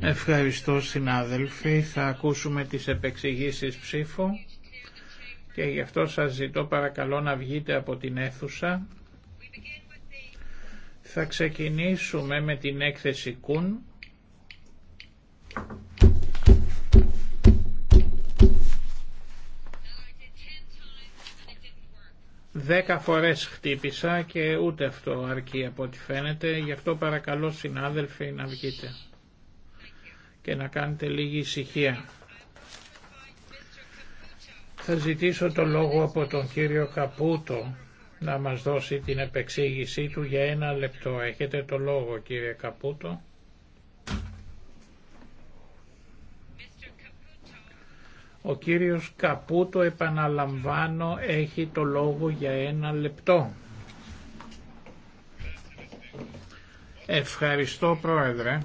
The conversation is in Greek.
Ευχαριστώ συνάδελφοι. Θα ακούσουμε τις επεξηγήσεις ψήφου και γι' αυτό σας ζητώ παρακαλώ να βγείτε από την αίθουσα. Θα ξεκινήσουμε με την έκθεση Κουν. Δέκα φορές χτύπησα και ούτε αυτό αρκεί από ό,τι φαίνεται, γι' αυτό παρακαλώ συνάδελφοι να βγείτε και να κάνετε λίγη ησυχία. Θα ζητήσω το λόγο από τον κύριο Καπούτο να μας δώσει την επεξήγησή του για ένα λεπτό. Έχετε το λόγο κύριε Καπούτο. Ο κύριος το επαναλαμβάνω, έχει το λόγο για ένα λεπτό. Ευχαριστώ πρόεδρε.